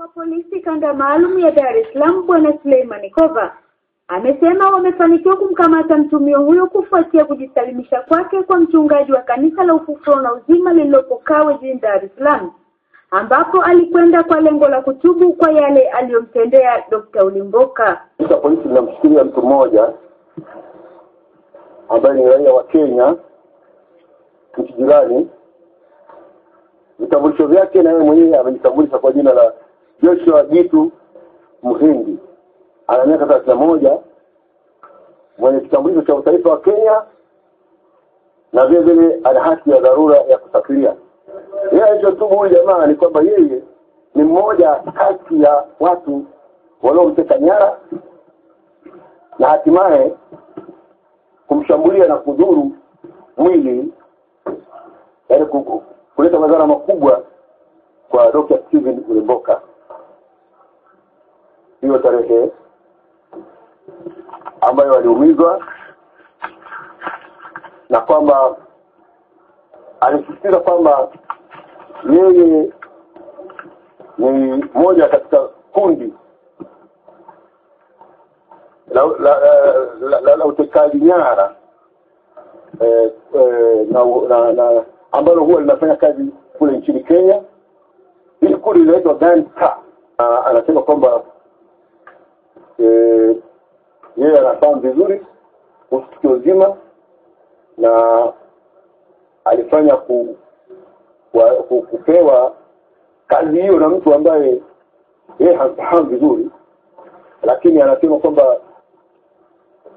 wa polisi kanda maalum ya Dar es Salaam Bwana Suleiman Kova amesema wamefanikiwa kumkamata mtumio huyo kufuatia kujisalimisha kwake kwa mchungaji wa kanisa la Ufufuo na Uzima lililopo Kawe jijini Dar es Salaam ambapo alikwenda kwa lengo la kutubu kwa yale aliyomtendea Dr. Ulimboka. Polisi linamshikilia mtu mmoja ambaye ni raia wa Kenya, nchi jirani. Vitambulisho vyake na yeye mwenyewe amejitambulisha kwa jina la Joshua Gitu Mhindi ana miaka thelathini na moja mwenye kitambulisho cha utaifa wa Kenya na vile vile ana haki ya dharura ya kusafiria. Yeye alichotubu huyu jamaa ni kwamba yeye ni mmoja kati ya watu waliomteka nyara na hatimaye kumshambulia na kudhuru mwili, yaani kuleta madhara makubwa kwa Dr. Steven Ulemboka hiyo tarehe ambayo waliumizwa na kwamba alisisitiza kwamba yeye ni moja katika kundi la la, la, la, la utekaji nyara eh, eh, na, na, na ambalo huwa linafanya kazi kule nchini Kenya ili kundi linaitwa Ganta anasema kwamba E, yeye anafahamu vizuri kuhusu tukio zima na alifanya ku, wa, ku, kupewa kazi hiyo na mtu ambaye yeye hafahamu vizuri lakini anasema kwamba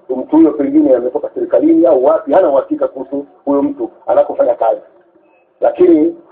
mtu huyo pengine ametoka serikalini au wapi hana uhakika kuhusu huyo mtu anakofanya kazi lakini